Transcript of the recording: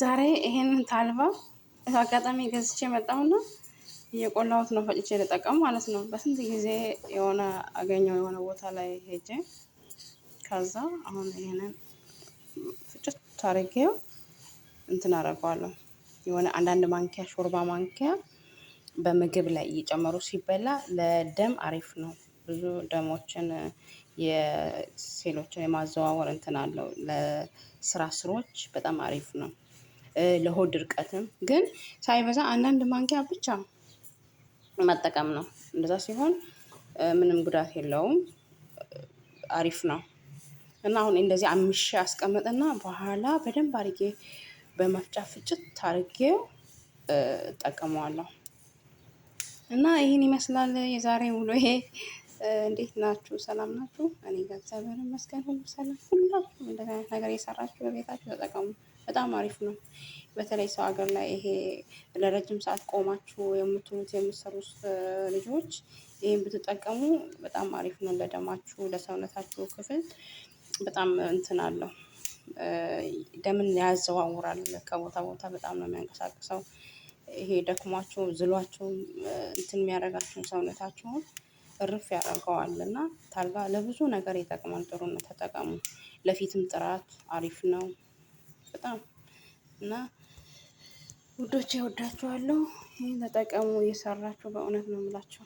ዛሬ ይሄንን ታልባ አጋጣሚ ገዝቼ መጣሁና እየቆላሁት ነው። ፈጭቼ ልጠቀም ማለት ነው። በስንት ጊዜ የሆነ አገኘው የሆነ ቦታ ላይ ሄጄ ከዛ አሁን ይሄንን ፍጭት ታርጌው እንትን አደርገዋለሁ። የሆነ አንዳንድ ማንኪያ ሾርባ ማንኪያ በምግብ ላይ እየጨመሩ ሲበላ ለደም አሪፍ ነው። ብዙ ደሞችን የሴሎችን የማዘዋወር እንትን አለው። ለስራ ስሮች በጣም አሪፍ ነው። ለሆድ እርቀትም ግን ሳይበዛ አንዳንድ ማንኪያ ብቻ መጠቀም ነው። እንደዛ ሲሆን ምንም ጉዳት የለውም፣ አሪፍ ነው እና አሁን እንደዚህ አምሽ አስቀምጥና በኋላ በደንብ አርጌ በመፍጫ ፍጭት አርጌው እጠቀመዋለሁ። እና ይህን ይመስላል የዛሬ ይሄ እንዴት ናችሁ? ሰላም ናችሁ? እኔ ጋር እግዚአብሔር ይመስገን ሁሉ ሰላም። ሁላችሁም እንደዚህ አይነት ነገር የሰራችሁ በቤታችሁ ተጠቀሙ። በጣም አሪፍ ነው። በተለይ ሰው ሀገር ላይ ይሄ ለረጅም ሰዓት ቆማችሁ የምትሉት የምትሰሩት ልጆች ይህን ብትጠቀሙ በጣም አሪፍ ነው። ለደማችሁ፣ ለሰውነታችሁ ክፍል በጣም እንትን አለው። ደምን ያዘዋውራል ከቦታ ቦታ በጣም ነው የሚያንቀሳቅሰው። ይሄ ደክሟቸው ዝሏቸው እንትን የሚያደርጋቸውን ሰውነታቸውን እርፍ ያደርገዋል እና ታልጋ ለብዙ ነገር ይጠቅማል። ጥሩ ነው፣ ተጠቀሙ። ለፊትም ጥራት አሪፍ ነው። በጣም እና ውዶቼ ወዳችኋለሁ። ይህን ተጠቀሙ እየሰራችሁ በእውነት ነው የምላቸው።